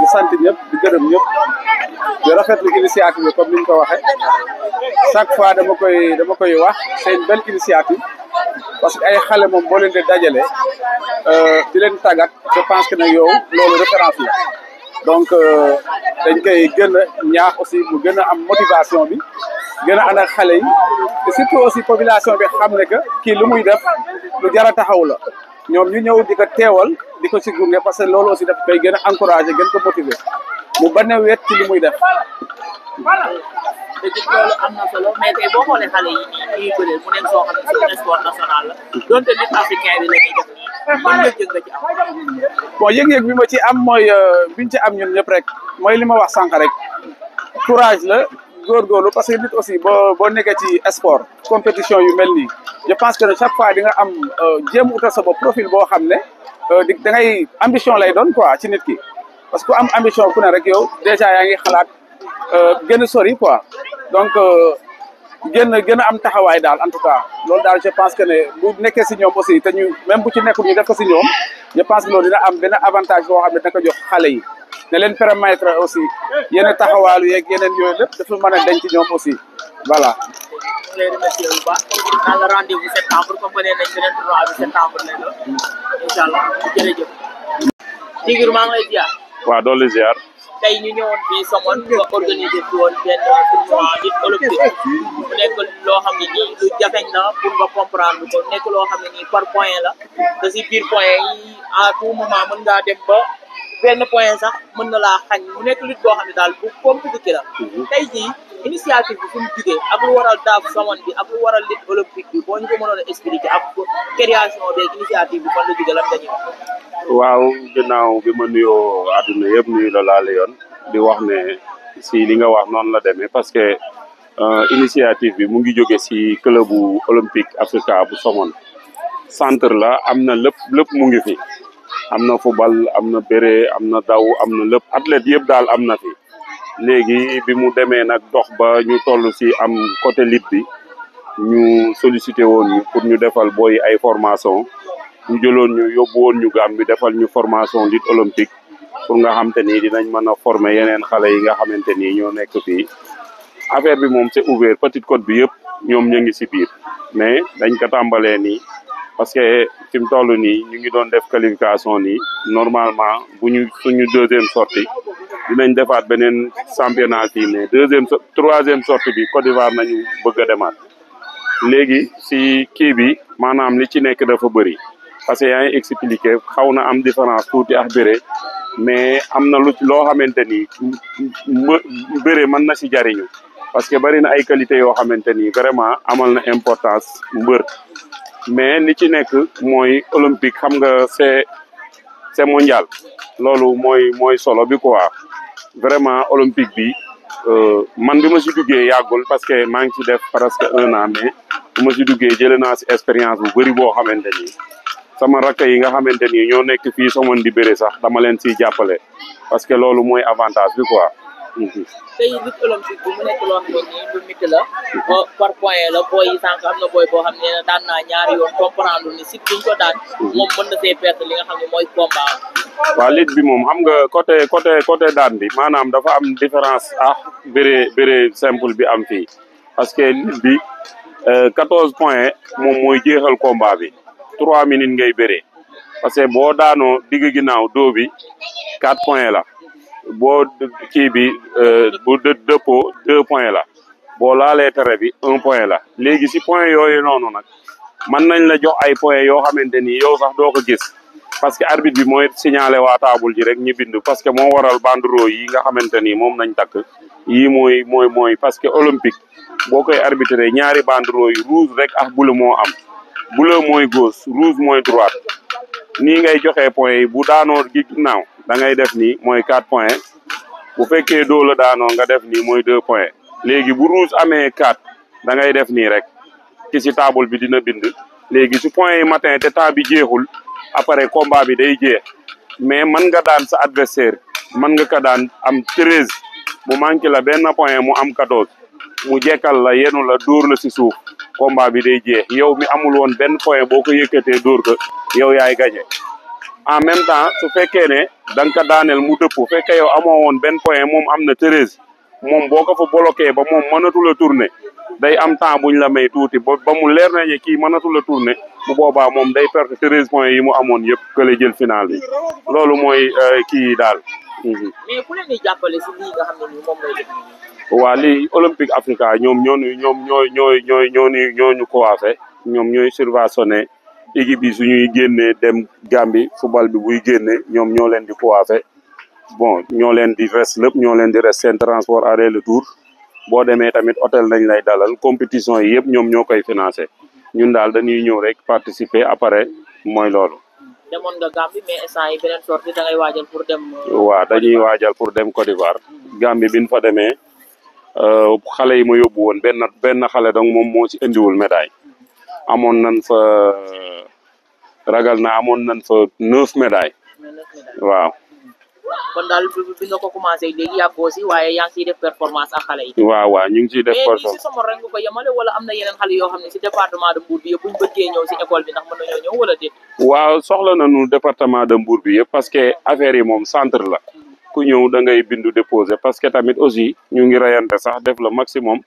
di sant ñëpp di gërëm ñëpp di rafetlu initiative bi comme ñu ko waxee chaque fois dama koy dama koy wax c'est une parce que ay xale moom boo leen di dajale euh, di leen tàggat je pense que yow loolu référence la euh, dañ koy gën a aussi mu gën a am motivation bi gën a ànd xale yi surtout aussi population bi xam ne que kii lu muy def lu jar taxaw la. ñom ñu ñew diko téwal diko ci ko parce que lolu aussi daf koy gëna encourager gën ko motiver mu am na solo mais tey le xoolee xale yi nii ñuy bëree mu nekk soo xam sport national donte nit africain bi la def am. bon yëg-yëg bi ci am mooy euh, biñ ci am ñun ñëpp rek mooy li wax sànq rek courage la góorgóorlu parce que nit aussi ci sport compétition yu je pense que chaque fois di nga am djem euh, outa sa bopp profil bo xamné euh da ngay ambition lay doon quoi ci nit ki parce que am ambition ku ne rek yow déjà ya ngi xalat euh genn sori quoi donc euh, gën genn gën am taxaway dal en tout cas loolu dal je pense que ne bu nekké ci ñom aussi té ñu même bu ci nekkul ñu def ko ci ñom je pense que loolu dina am ben avantage bo xamné da ko jox xalé yi ne leen permettre aussi yenn taxawaalu yeeg yeneen yoy lepp dafa mën a denc ñom aussi voilà clarinet Yoruba. Dans le rendez-vous septembre, comme vous l'avez dit, le 3 septembre, Inch'Allah, jërëjëf. Digir maa ngi lay ziar. Waaw doon la ziar. Tey ñu ñëwoon fii Somone nga organiser fi woon benn tournoi nit collectif mu nekk loo xam ne nii lu jafeñ na pour nga comprendre ko nekk loo xam ne nii par point la te si biir point yi à tout moment mën ngaa dem ba benn point sax mën na laa xañ mu nekk lutte boo xam ne daal bu compliqué la tey jii initiative bi fu mu jugee ak lu waral daaf samon bi ak lu waral lit olympique bi boo ñu ko mënoon a expliquer ak création beeg initiative bi fan la jugge lan nga waaw ginnaaw bi ma nuyo aduna yëpp nuyu la laale yoon di wax ne si li nga wax non la demee parce que euh, initiative bi mu ngi jóge si club olympique africa bu somon centre la Amna lepp lepp mu ngi fi Amna football amna béré amna daw Amna lepp athlète yëpp dal amna fi léegi bi mu demee nag dox ba ñu toll ci am côté lit bi ñu sollicité woon ñu pour ñu defal booy ay formation ñu jëloon ñu yóbbu woon ñu Gàmbi defal ñu formation lutte olympique pour nga xam te ni dinañ mën a former yeneen xale yi nga xamante nii ñoo nekk fi affaire bi moom c'est ouvert Petite Côte bi yëpp ñoom ñu ngi ci biir mais dañ ko tàmbalee nii parce que fi mu toll nii ñu ngi doon def qualification nii normalement bu ñu suñu deuxième sortie dinañ defaat beneen championnat fii mais deuxième troisième sortie bi Côte d'Ivoire nañu bëgg a demaat léegi si kii bi maanaam li ci nekk dafa bëri parce que yaa expliqué xaw na am différence tuuti ak bëre mais am na lu loo xamante ni bëre mën na si jariñu parce que bari na ay qualité yoo xamante ni vraiment amal na importance mbër mais li ci nekk mooy olympique xam nga c'est c'est mondial loolu mooy mooy solo bi quoi vraiment olympique bi euh, man bi ma si duggee yàggul parce que maa ngi ci def presque un an mais bi ma si duggee jëlee naa si expérience bu bëri boo xamante ni sama rakk yi nga xamante ni ñoo nekk fii somoon di bëre sax dama leen siy jàppale parce que loolu mooy avantage bi quoi tey lutte bi mu am nga mooy combat waaw lutte bi moom xam nga côté côté côté daan bi maanaam dafa am différence ah béré béré simple bi am fii parce que lutte bi euh, quatorze points moom mooy jeexal combat bi trois minutes ngay béré parce que boo daanoo digg ginnaaw doo bi quatre points la boo kii bi euh, bu de dëppoo deux points là boo laalee tere bi un point la léegi si point yooyu noonu nag mën nañ la jox ay point yoo xamante ni yow sax doo ko gis parce que arbitre bi mooy signalé waa table ji rek ñu bind parce que moo waral bandero yi nga xamante ni moom nañ takk yii mooy mooy mooy parce que olympique boo koy arbitré ñaari bandero yi rouge rek ak bleu moo am bleu mooy gauche rouge mooy droite nii ngay joxe point yi bu daanoo gi ginnaaw da ngay def nii mooy quatre points bu fekkee doo la daanoo nga def nii mooy deux points léegi bu rouge amee quatre da ngay def nii rek ki si table bi dina bind léegi si point yi matin te temps bi jeexul après combat bi day jeex mais man nga daan sa adversaire mën nga ko daan am treize mu manqué la benn point mu am quatorze mu jekkal la yenu la la si suuf combat bi day jeex yow mi amul woon benn point boo ko yëkkatee dóor ko yow yaay gañe en même temps su fekkee ne da nga ko daaneel mu dëpp fekkee yow amoo woon benn point moom am na treize moom boo ko fa bloqué ba moom mënatu la tourner day am temps buñ la may tuuti ba ba mu leer nañu kii mënatu la tourner bu boobaa moom day perte treize points yi mu amoon yëpp kële jël final bi loolu mooy euh, kii yi daal. Mhm. mais ku leen di jàppale si lii nga xam ne nii moom lay def. waa lii Olympique Africa ñoom ñoo ñoom ñooy ñooy ñooy ñoo ñu ñoo ñu coiffé ñoom ñooy subventionné. équipe yi suñuy génnee dem Gambie football bi buy génnee ñoom ñoo leen di coiffé bon ñoo leen di res lépp ñoo leen di res seen transport aller retour boo demee tamit hôtel nañ lay dalal compétition yi yëpp ñoom ñoo koy financé ñun daal dañuy ñëw rek participer après mooy loolu. demoon nga Gambie mais euh, dañuy waajal pour dem Côte d'Ivoire. Gambie bi ñu fa demee euh, xale yi ma yóbbu woon benn xale donc moom moo ci indiwul médaille amoon nañ fa. ragal na amoon nañ fa neuf médailles waaw. kon daal ko commencé léegi yàggoo si waaye yaa ngi ciy def performance ak xale yi. waaw ñu ngi ciy def performance am na yeneen xale yoo ne si département de Mbour bi école bi ndax mën nañoo département de Mbour bi yëpp parce que affaire yi moom centre la ku ñëw da ngay bindu déposé parce que tamit aussi ñu ngi rayante sax def le maximum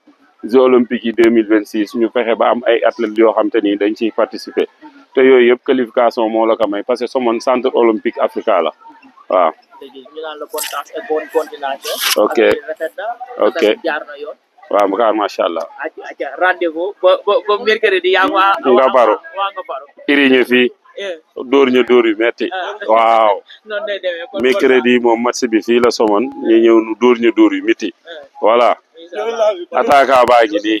jeux olympiques yi deux mille vingt six ñu fexe ba am ay athlètes yoo xam ni dañ ciy participer. te yoy yëpp qualification mo la ko may parce que somon centre olympique africain la wa ok ok makar Bakar macha ak rendez-vous ba mercredi yaa waa. nga baro nga baro. iri ñu fii. Eh. Duri ñu dóor yu metti ah. waaw mercredi moom match bi la somon ñu ñëw nu dóor ñu dóor yu metti eh. voilà attaque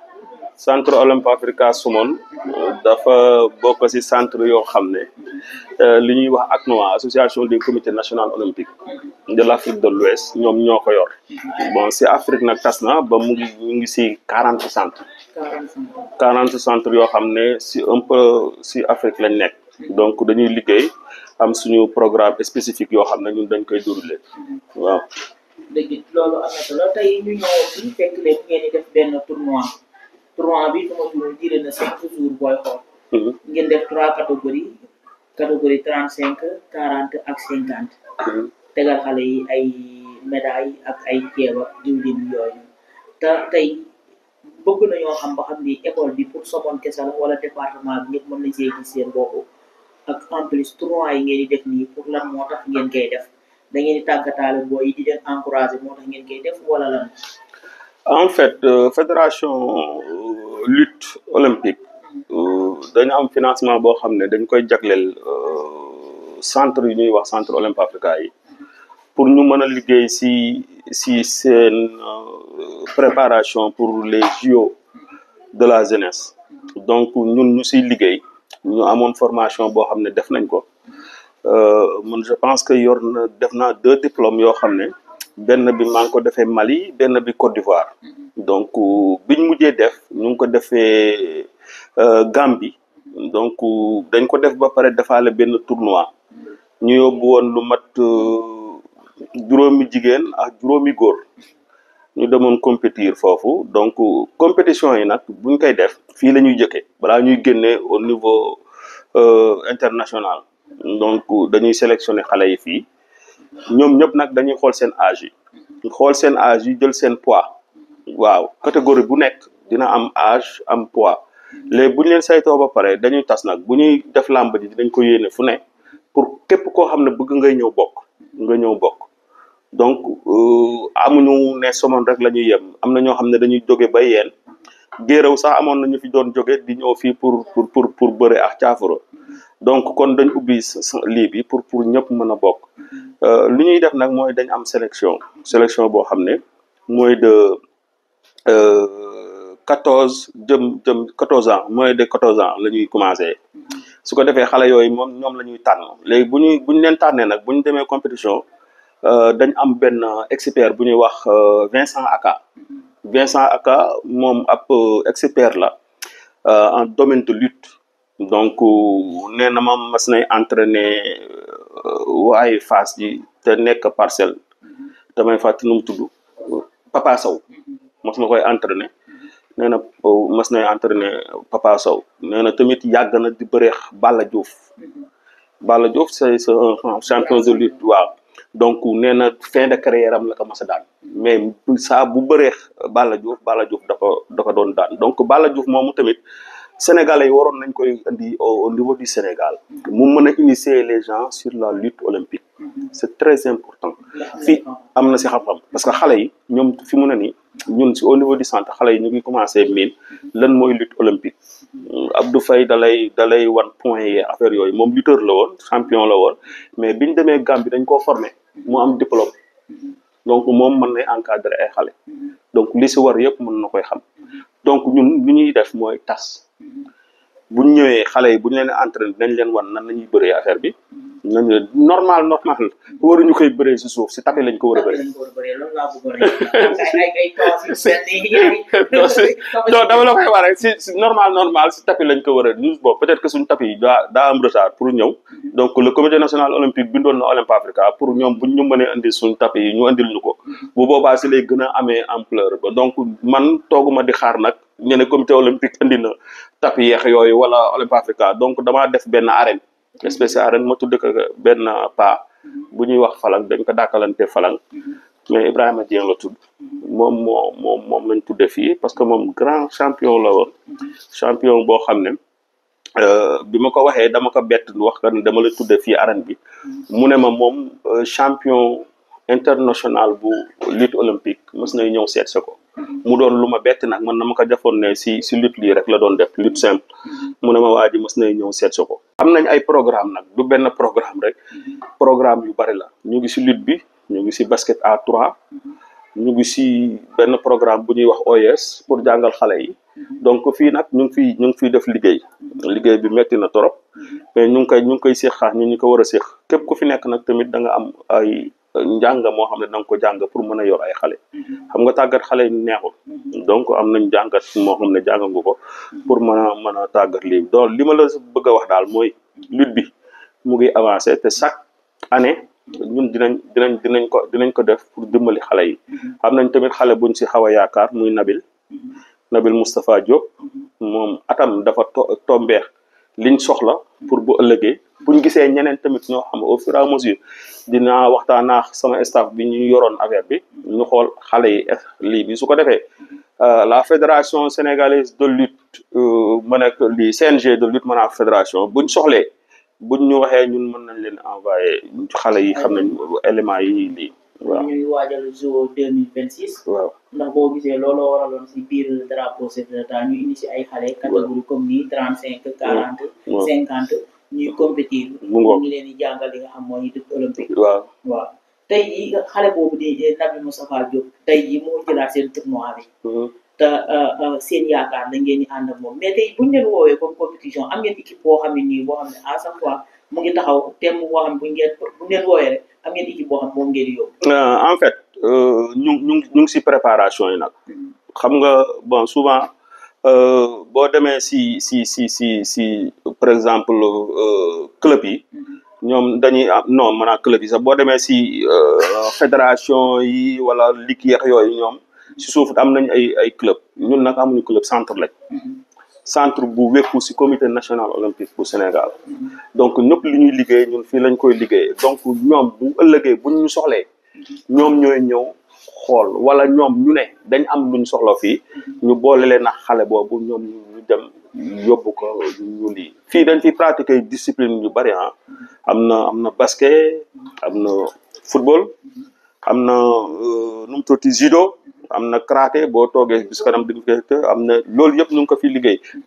centre olympe africa sumon dafa bokk ci centre yo xam euh, li ñuy wax noa association des comités national olympique de l'afrique de l'ouest ñom ñoko yor bon si afrique nak tasna ba mu ngi si quarante centre 40 centre yo xam ci un peu si afrique lañ nek donc dañuy liggéey am suñu programme spécifique yo xam ñun dañ koy dourulé waaw solo ñu fekk ngeen di def tournoi trois bi su ma juumee diire na cinq jours booy xool. ngeen def trois catégories catégorie trente cinq quarante ak cinquante. tegal xale yi ay médaille ak ay ceeb ak diwlin yooyu te tey bëgg nañoo xam ba xam ni école bi pour Sokone kese wala département bi ñëpp mën na cee gis seen boo ak en plus tournoi yi ngeen di def nii pour lan moo tax ngeen koy def da ngeen di tàggataale booy yi di leen moo tax ngeen koy def wala lan. en fait euh, fédération euh, lutte olympique euh, dañu am financement boo xam ne dañ koy jagleel euh, centre yi ñuy wax centre olympique africa pour ñu mën a liggéey si si seen euh, préparation pour les JO de la jeunesse donc ñun ñu siy liggéey ñu amoon formation boo xam ne def nañ ko man je pense que yor na def naa deux diplômes yoo xam ne benn bi maa ngi ko defee Mali benn bi Côte d'Ivoire mhm. donc euh, biñ mujjee def ñu ngi ko defee euh, Gambie donc euh, dañ ko def ba pare defaale benn tournoi ñu yóbbu woon lu mat juróomi jigéen ak juróomi góor ñu demoon compétir foofu donc compétition yi nag buñ koy def fii la ñuy jëkkee balaa ñuy génnee au niveau international donc dañuy sélectionner xale yi fii ñoom ñëpp nag dañuy xool seen âge xool seen âge yi jël seen pois waaw catégorie bu nekk dina am âge am poids léegi bu ñu saytoo ba pare dañuy tas nag bu ñuy def làmb ji dinañ ko yéene fu ne pour képp koo xam ne bëgg ngay ñëw bokk nga ñëw bokk donc euh, amuñu ne somon rek la ñuy yem am na ñoo xam ne dañuy jóge ba yeen géeraw sax amoon na ñu fi doon jóge di ñëw fii pour pour pour pour bëre ak caafara donc kon dañ ubbi lii bi pour pour a bokk euh, lu ñuy def nag mooy dañ am sélection sélection boo xam ne de 14 euh, jëm ans mooy de quatorze ans la ñuy commencé la ñuy dañ expert Vincent Aka Vincent Aka euh, expert en domaine de lutte donc euh, nee na ma mas nay entraîner euh, waaye Fass te nekk parcelle damay fàttali nu mu tudd Papa Sow mas ma koy entraîner nee na euh, mas Papa Sow nee tamit yàgg na di bëreex Balla Diouf Balla Diouf c'est c'est champion de lutte waaw donc nee na fin de carrière am la ko mas daan mais saa bu bëreex Balla Diouf Balla Diouf da ko da ko doon daan donc Balla Diouf moomu tamit sénégalais yi waroon nañ koy indi au niveau du Sénégal mu meuna a initier les gens sur la lutte olympique c'est très important fi amna ci si xam-xam parce que xalé yi ñom fi mu ne nii ñun ci au niveau du centre xalé yi ñu ngi commencer miin lan moy lutte olympique Abdou Faye dalay dalay wan point yi affaire yoy mom lutteur la won champion la won mais biñ demee Gambie dañ ko formé mu am diplôme donc mom mën lay encadrer ay xalé donc li ci war yépp mën na koy xam donc ñun ñuy def moy tasse buñ ñëwee xale yi buñ leen entraîné nañ leen wan nan la ñuy bëree affaire bi nañ normal normal waruñu koy bëree si suuf si tapis lañ ko war a bëree. non dama la koy wax rek si normal normal si tapis lañ ko war a ñu bon peut être suñ suñu tapis yi daa daa am retard pour ñëw donc le comité national olympique bindoon na Olympe Africa pour ñoom buñ ñu mënee indi suñu tapis yi ñu indil ñu ko bu boobaa si lay gën a amee ampleur ba donc man tooguma di xaar nag ñu ne comité olympique indi na tapi yeex ya, yooyu wala olympe africa donc dama def ben arène mhm. espèce arène ma tudde ko ben pa mhm. bu ñuy wax falang dañ ko dakalante falang mhm. mais ibrahima dieng la tudd mom mom mom lañ tudde fi parce que mom grand champion la won champion bo xamne euh bima ko waxe dama ko bett wax kan dama la tudde fi arène bi Mune ma mom euh, champion international bu lutte olympique mës nay ñëw seet mu doon luma bett nak man nama ko jafoon ne si ci lutte li rek la doon def lutte simple mu ne ma mas ji nay ñew set si ko am nañ ay programme nak du ben programme rek programme yu bari la ñu ngi ci lutte bi ñu ngi si basket A 3 ñu ngi si ben programme bu ñuy wax OS e pour jangal xalé yi donc fi nak ñu fi ñu fi def liggey liggey bi metti na torop mais ñu ngi koy ñu ngi koy séex ñu ko wara a kep ku fi nek nak tamit da nga am ay njàng moo xam ne da nga ko jàng pour mën a yor ay xale mhm. xam nga tàggat xale neexu mhm. donc am nañ jàngat moo xam ne jàng nga ko mhm. pour mën a mën a tàggat lii donc li ma la bëgg a wax daal mooy lutte bi mu ngi avancé te chaque année ñun dinañ dinañ dinañ ko dinañ ko def pour dimbali xale yi am nañ tamit xale buñ si xaw a yaakaar muy Nabil Nabil Moustapha Diop moom atam dafa to tombeex liñ soxla pour bu ëllëgee buñ gisee ñeneen tamit ñoo xam au fur et à mesure dinaa waxtaan ak sama staff bi ñu yoroon affaire bi ñu xool xale yi lii bi su ko defee euh, la fédération sénégalaise de lutte euh, ma nekk lii CNG de lutte mën naa fédération buñ soxlee buñ ñu waxee ñun mën nañ leen envoyé xale yi xam nañ éléments yi ñuy lii waaw ñuy waajal JO deux mille vingt six. waaw ndax boo gisee loolo waraloon si biir drapeau chef de ñu indi si ay xale. catégorie comme nii trente cinq quarante. cinquante ñuy compétir. mu ngoog ñu leen di jàngal li nga xam waaw waaw tey jii xale boobu di Naby Moustapha Diop tey jii moo jëlaat seen tournoi bi. Mm-hmm. te euh, euh, seen yaakaar da ngeen di ànd ak moom mais tey bu ñu leen woowee comme compétition am ngeen équipe boo xam ne nii boo xam ne à chaque fois. mu ngi taxaw thème boo xam bu ngeen bu ngeen woowee rek am ngeen équipe boo xam moom ngeen yóbbu. Euh, en fait ñu euh, ñu ñu ngi si préparation yi nag. Mm-hmm. xam nga bon souvent euh, boo demee si si si si si par exemple club yi. Mm-hmm. ñoom dañuy am non maanaam club boo demee si fédération yi wala ligue yeex yooyu ñoom si suuf am nañ ay ay club ñun nag amuñu club centre lañ. Mm-hmm. centre bu ci comité national olympique au Sénégal donc nous li ñuy liggéey ñun fii lañ koy donc ñoom bu ëllëgee ñu soxlee nous ñooy ñëw wala ñoom ñu ne dañ am luñ soxla fii ñu boole leen ak xale boobu ñoom ñu dem yóbbu ko ñu lii fii dañ fi pratiquer discipline yu bari ah am na basket am football am na euh, nu judo am na karaté boo toogee bis kanam di am na loolu yëpp ñu ko fi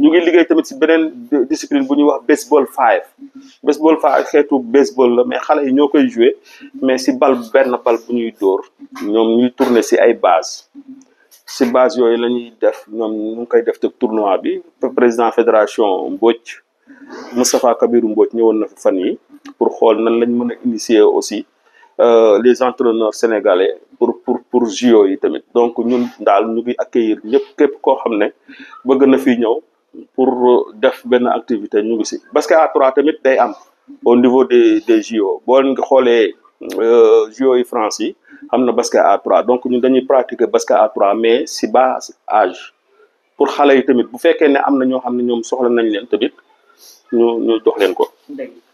ñu ngi discipline bu ñuy wax baseball five baseball five xeetu baseball la mais xale yi ñoo mais si bal benn bal bu ñuy dóor ñoom ñuy tourné si ay base si base la def ñoom tournoi bi président fédération la Moustapha Kabiru nous na fi fan yi pour xool nan lañ initier aussi euh, les entraîneurs sénégalais pour pour pour JO yi tamit donc ñun daal ñu ngi accueillir ñëpp képp koo xam ne bëgg na fi ñëw pour def benn activité ñu ngi si que A3 tamit day am au niveau des des JO boo leen xoolee euh, JO yi France yi am na basket à trois donc ñun dañuy pratiquer basket A3 mais si bas âge pour xale yi tamit bu fekkee ne am na ñoo xam ne ñoom soxla nañ leen tamit ñu ñu jox leen ko.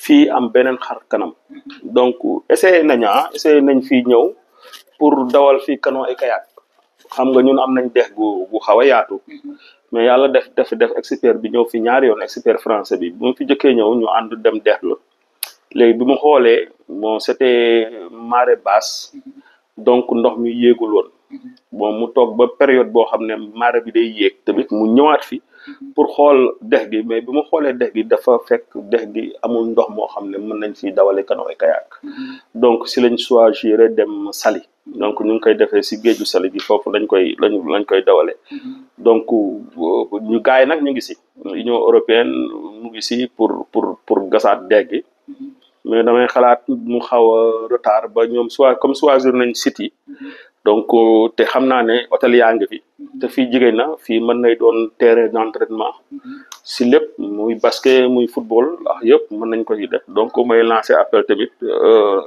fii am beneen xar kanam donc essayé nañ ah essayé nañ fii ñëw pour dawal fii canoë et kayak xam nga ñun am nañ dex gu gu xaw a yaatu mais yàlla def def def expert bi ñëw fi ñaari yoon expert français bi bu mu fi jëkkee ñëw ñu ànd dem dex la léegi bi mu xoolee bon c'était marée basse donc ndox mi yéegul woon bon mu toog ba période boo xam ne marée bi day yéeg tamit mu ñëwaat fi pour xool dex gi mais bi ma xoolee dex gi dafa fekk dex gi amul ndox moo xam ne mën nañ fi dawale canoë kayak donc si lañ choisir dem Saly donc ñu koy defee si géeju Saly gi foofu lañ koy lañ lañ koy dawale donc ñu gaay nag ñu ngi si Union européenne mu ngi si pour pour pour gasaat dex gi mais damay xalaat mu xaw a retard ba ñoom soit comme choisir nañ siti donc te xam naa ne hôtel yaa ngi fi te fii jigéen na fii mën nay doon terrain d'entraînement mm-hmm. si lépp muy basket muy football ak ah, yëpp mën nañ ko ci def donc may lancer appel tamit euh,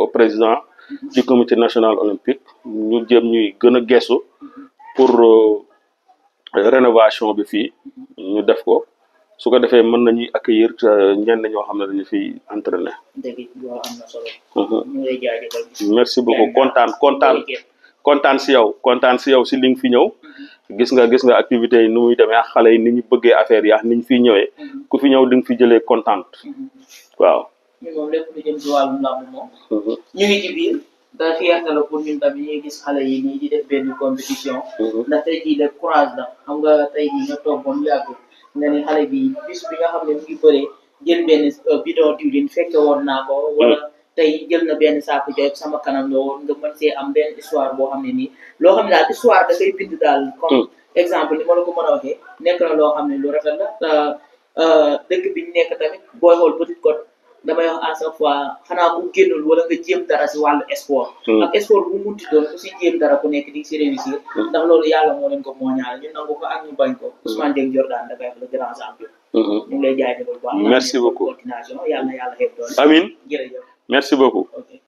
au président mm-hmm. du comité national olympique ñu jëm ñuy gën a gestu mm-hmm. pour euh, rénovation bi fii ñu def ko su ko defee mën nañuy accueillir euh, ñenn ñoo xam ne dañu fiy entraîner. dëgg am na merci beaucoup kontaan kontaan. kontaan si yow kontaan si yow si li nga fi ñëw mm-hmm. gis nga gis nga activité yi nu muy demee xale yi ni ñu bëggee affaire yi ni ñu fiy ñëwee mm-hmm. ku fi ñëw di nga fi jële kontaan mm-hmm. waaw. ñu moom lépp lu jëm ci wàllu làmb ñu ngi ci biir. da pour ñun tamit ñuy gis xale yi nii tey jii le courage la xam nga tey jii nga ni xale bi bis bi nga xam ne mu ngi bëree jël benn euh, bidon diwlin fekke woon naa ko. wala tey jël na benn saaku jooy sama kanam la woon nga mën see am benn histoire boo xam ne nii loo xam ne daal histoire da bind daal comme hmm. exemple ni ma la ko mën a nekk loo xam ne lu rafet la euh, euh, bi ñu nekk tamit booy xool Petite Côte damay wax à wala nga jéem dara si wàllu sport hmm. ak sport bu munti doon ku si jéem dara ku nekk di si réussir hmm. ndax loolu yàlla moo leen ko mooñaal ñu nangu ko ak ñu bañ ko Ousmane Dieng Jordan da koy wax grand champion ñu ngi lay jaajëfal bu merci beaucoup Merci beaucoup. Okay.